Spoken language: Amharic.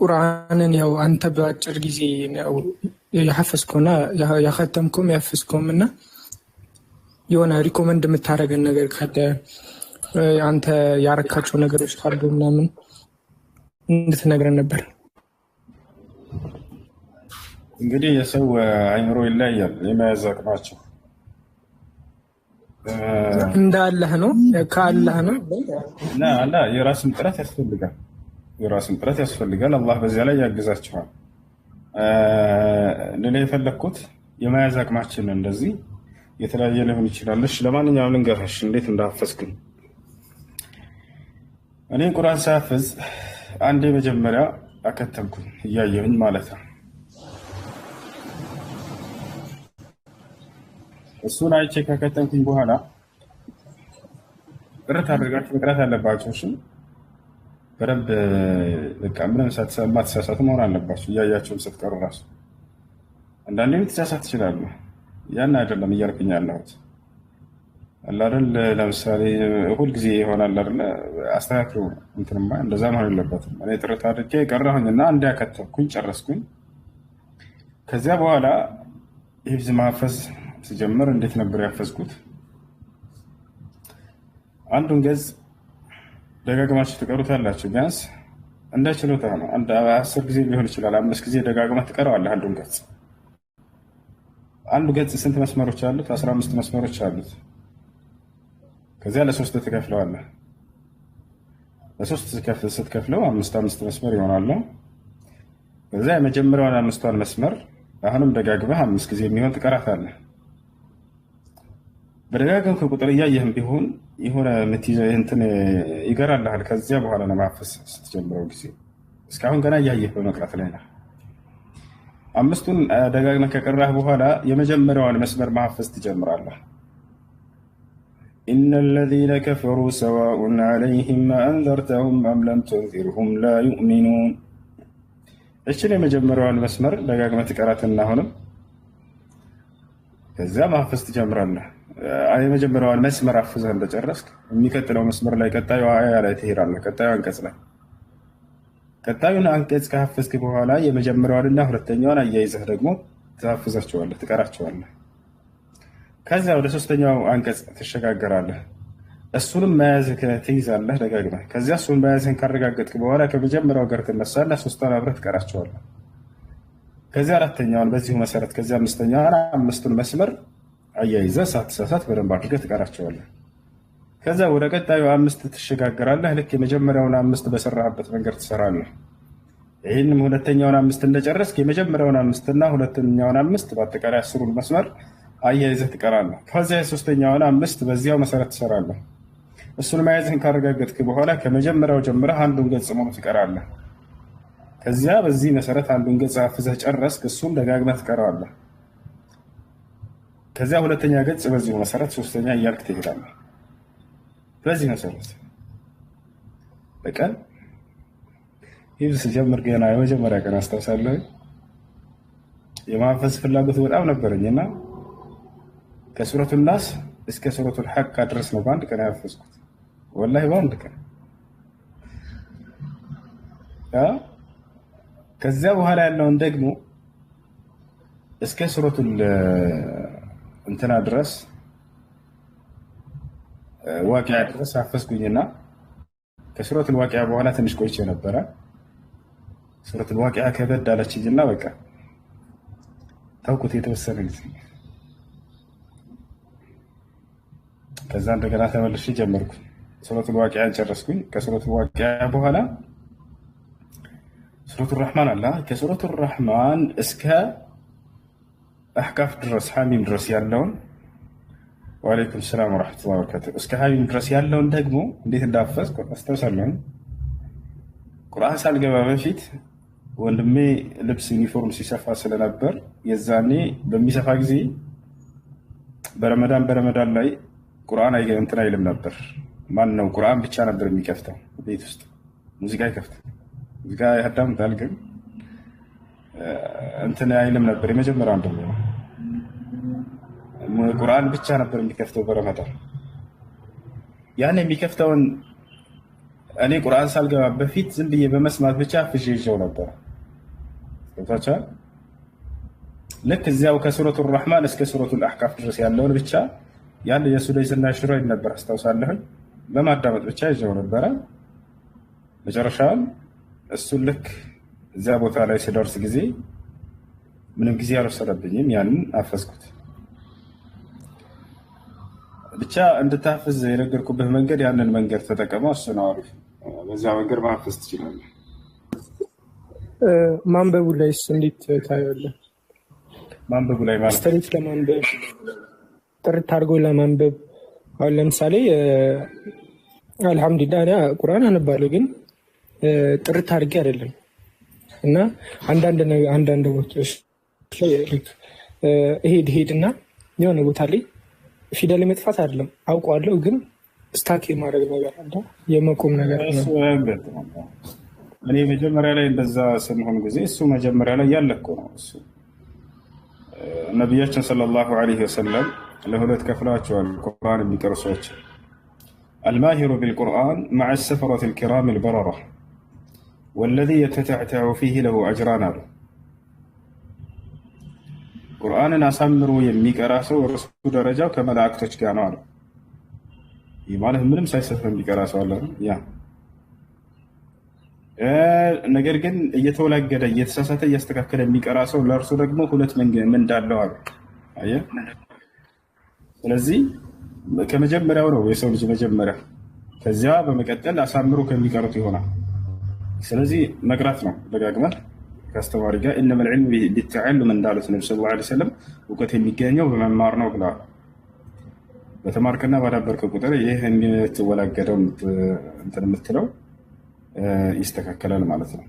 ቁርአንን ያው አንተ በአጭር ጊዜ ያሐፈዝከውና ያከተምከውም ያፈዝከውም እና የሆነ ሪኮመንድ የምታደርገን ነገር ካለ አንተ ያረካቸው ነገሮች ካሉ ምናምን እንድትነግረን ነበር። እንግዲህ የሰው አይምሮ ይለያል። የመያዝ አቅማቸው እንዳለህ ነው፣ ካለህ ነው እና የራስን ጥረት ያስፈልጋል። የራስን ጥረት ያስፈልጋል። አላህ በዚያ ላይ ያግዛቸዋል። ሌላ የፈለግኩት የመያዝ አቅማችን እንደዚህ የተለያየ ሊሆን ይችላለች። ለማንኛውም ልንገርሽ እንዴት እንዳፈዝኩኝ እኔ ቁርአን ሳያፍዝ አንዴ መጀመሪያ አከተምኩኝ እያየሁኝ ማለት ነው። እሱን አይቼ ከከተንኩኝ በኋላ ጥርት አድርጋችሁ መቅራት አለባቸው። በደንብ በቃ ምንም ማትሳሳት መሆን አለባቸው። እያያቸውም ስትቀሩ ራሱ አንዳንዴ ልትሳሳት ትችላሉ። ያን አይደለም እያልኩኝ ያለሁት አይደል። ለምሳሌ ሁልጊዜ ይሆናል አይደለ? አስተካክሉ እንትንማ እንደዛ መሆን የለበትም። እኔ ጥረት አድርጌ የቀራሁኝ እና እንዲያከተኩኝ ጨረስኩኝ። ከዚያ በኋላ ሂፍዝ ማፈዝ ስጀምር እንዴት ነበር ያፈዝኩት አንዱን ገጽ ደጋግማችሁ ትቀሩታላችሁ። ቢያንስ እንደ ችሎታ ነው። አንድ አስር ጊዜ ሊሆን ይችላል። አምስት ጊዜ ደጋግማ ትቀረዋለህ አንዱን ገጽ። አንዱ ገጽ ስንት መስመሮች አሉት? አስራ አምስት መስመሮች አሉት። ከዚያ ለሶስት ትከፍለዋለህ። ለሶስት ስትከፍለው አምስት አምስት መስመር ይሆናሉ። ከዚያ የመጀመሪያውን አምስቷን መስመር አሁንም ደጋግመህ አምስት ጊዜ የሚሆን ትቀራታለህ። በደጋግም ከቁጥር እያየህም ቢሆን የሆነ የምትይዘው እንትን ይገራልሃል። ከዚያ በኋላ ለማፈስ ስትጀምረው ጊዜ እስካሁን ገና እያየህ በመቅራት ላይ ነህ። አምስቱን ደጋግመህ ከቀራህ በኋላ የመጀመሪያዋን መስመር ማፈስ ትጀምራለህ። إن الذين ከፈሩ ሰዋኡን عليهم አንዘርተሁም አም ለም تنذرهم ላ ዩእሚኑን። እችን የመጀመሪያዋን መስመር ደጋግመህ ትቀራትና አሁንም ከዚያ ማፈስ ትጀምራለህ። የመጀመሪያዋን መስመር አፍዘህ እንደጨረስክ የሚቀጥለው መስመር ላይ ቀጣዩ አያ ላይ ትሄዳለህ። ቀጣዩ አንቀጽ ላይ ቀጣዩን አንቀጽ ከሀፈዝክ በኋላ የመጀመሪያዋንና ሁለተኛዋን አያይዘህ ደግሞ ትሀፍዛቸዋለህ፣ ትቀራቸዋለህ። ከዚያ ወደ ሶስተኛው አንቀጽ ትሸጋገራለህ። እሱንም መያዝህ ትይዛለህ ደጋግመህ። ከዚያ እሱን መያዝህን ካረጋገጥክ በኋላ ከመጀመሪያው ጋር ትነሳለህ። ሶስቷን አብረህ ትቀራቸዋለህ። ከዚያ አራተኛዋን በዚሁ መሰረት ከዚያ አምስተኛዋን አምስቱን መስመር አያይዘህ ሳትሳሳት በደንብ አድርገህ ትቀራቸዋለህ። ከዛ ወደ ቀጣዩ አምስት ትሸጋገራለህ። ልክ የመጀመሪያውን አምስት በሰራህበት መንገድ ትሰራለህ። ይህንም ሁለተኛውን አምስት እንደጨረስክ የመጀመሪያውን አምስትና ሁለተኛውን አምስት በአጠቃላይ አስሩን መስመር አያይዘህ ትቀራለህ። ከዚያ የሶስተኛውን አምስት በዚያው መሰረት ትሰራለህ። እሱን መያዝህን ካረጋገጥክ በኋላ ከመጀመሪያው ጀምረህ አንዱን ገጽ ሙሉ ትቀራለህ። ከዚያ በዚህ መሰረት አንዱን ገጽ አፍዘህ ጨረስክ፣ እሱን ደጋግመህ ትቀራለህ። ከዚያ ሁለተኛ ገጽ በዚሁ መሰረት ሶስተኛ እያልክ ትሄዳለህ። በዚህ መሰረት በቀን ይህ ስጀምር ገና የመጀመሪያ ቀን አስታውሳለሁ የማንፈስ ፍላጎት በጣም ነበረኝ እና ከሱረቱ ናስ እስከ ሱረቱ ልሐቅ ድረስ ነው በአንድ ቀን ያፈዝኩት። ወላሂ በአንድ ቀን። ከዚያ በኋላ ያለውን ደግሞ እስከ ሱረቱ እንትና ድረስ ዋቂያ ድረስ አፈስኩኝና ከሱረት ልዋቂያ በኋላ ትንሽ ቆይቼ ነበረ። ሱረት ልዋቂያ ከበድ አለችኝና በቃ ተውኩት የተወሰነ ጊዜ። ከዛ እንደገና ተመልሼ ጀመርኩ። ሱረት ልዋቂያን ጨረስኩኝ። ከሱረት ልዋቂያ በኋላ ሱረቱ ራሕማን አላ ከሱረቱ ራሕማን እስከ አህካፍ ድረስ ሐሚም ድረስ ያለውን ወአለይኩም ሰላም ወረሕመቱላሂ ወበረካቱህ እስከ ሐሚም ድረስ ያለውን ደግሞ እንዴት እንዳፈዝኩ አስታውሳለሁ። ቁርአን ሳልገባ በፊት ወንድሜ ልብስ ዩኒፎርም ሲሰፋ ስለነበር የዛኔ በሚሰፋ ጊዜ በረመዳን በረመዳን ላይ ቁርአን እንትን አይልም ነበር። ማን ነው ቁርአን ብቻ ነበር የሚከፍተው ቤት ውስጥ ሙዚቃ ይከፍት ሙዚቃ ያዳምጣል ግን እንትን አይልም ነበር። የመጀመሪያ አንድ ቁርአን ብቻ ነበር የሚከፍተው በረመዳን። ያን የሚከፍተውን እኔ ቁርአን ሳልገባ በፊት ዝም ብዬ በመስማት ብቻ ፍዥ ነበር። ገብታችኋል? ልክ እዚያው ከሱረቱ ረሕማን እስከ ሱረቱ አሕቃፍ ድረስ ያለውን ብቻ ያን የሱለይስና ሽሮይ ነበር አስታውሳለሁኝ። በማዳመጥ ብቻ ይዘው ነበረ። መጨረሻውን እሱን ልክ እዚያ ቦታ ላይ ስደርስ ጊዜ ምንም ጊዜ አልወሰደብኝም። ያንን አፈዝኩት። ብቻ እንድታፍዝ የነገርኩበት መንገድ ያንን መንገድ ተጠቀመ። እሱ ነው አሪፍ። መንገድ ማፈዝ ትችላለህ። ማንበቡ ላይ እንዴት ታያለህ? ማንበቡ ላይ ማለት ለማንበብ ጥርት አድርጎ ለማንበብ አሁን ለምሳሌ አልሐምዱሊላህ ቁርአን አነባለሁ፣ ግን ጥርት አድርጌ አይደለም እና አንዳንድ አንዳንድ ቦታዎች ላይ እሄድ ሄድ እና የሆነ ቦታ ላይ ፊደል መጥፋት አይደለም አውቀዋለሁ፣ ግን ስታክ የማድረግ ነገር አለ፣ የመቆም ነገር እኔ መጀመሪያ ላይ እንደዛ ስንሆን ጊዜ እሱ መጀመሪያ ላይ ያለኮ ነው። እሱ ነቢያችን ሰለላሁ ዐለይሂ ወሰለም ለሁለት ከፍላቸዋል ቁርአን የሚቀሩ ሰዎች አልማሂሩ ቢልቁርአን ማዕ ሰፈረት ልኪራም ልበረራ ወለዚ የተተዕተዑ ፊህ ለሁ አጅራን አሉ። ቁርአንን አሳምሮ የሚቀራ ሰው እርሱ ደረጃው ከመላእክቶች ጋር ነው አሉ። ይህ ማለት ምንም ሳይሰት የሚቀራ ሰው አለ። ያ ነገር ግን እየተወላገደ እየተሳሳተ እያስተካከለ የሚቀራ ሰው ለእርሱ ደግሞ ሁለት መንገድ እንዳለው አሉ። ስለዚህ ከመጀመሪያው ነው የሰው ልጅ መጀመሪያ፣ ከዚያ በመቀጠል አሳምሮ ከሚቀሩት ይሆናል። ስለዚህ መቅራት ነው ደጋግመን ከአስተማሪ ጋር እነመል ዒልም ቢተዓሉም እንዳሉት ነቢ ሰለላሁ ዐለይሂ ወሰለም እውቀት የሚገኘው በመማር ነው ብለዋል። በተማርክና ባዳበርክ ቁጥር ይህ የምትወላገደው እንትን የምትለው ይስተካከላል ማለት ነው።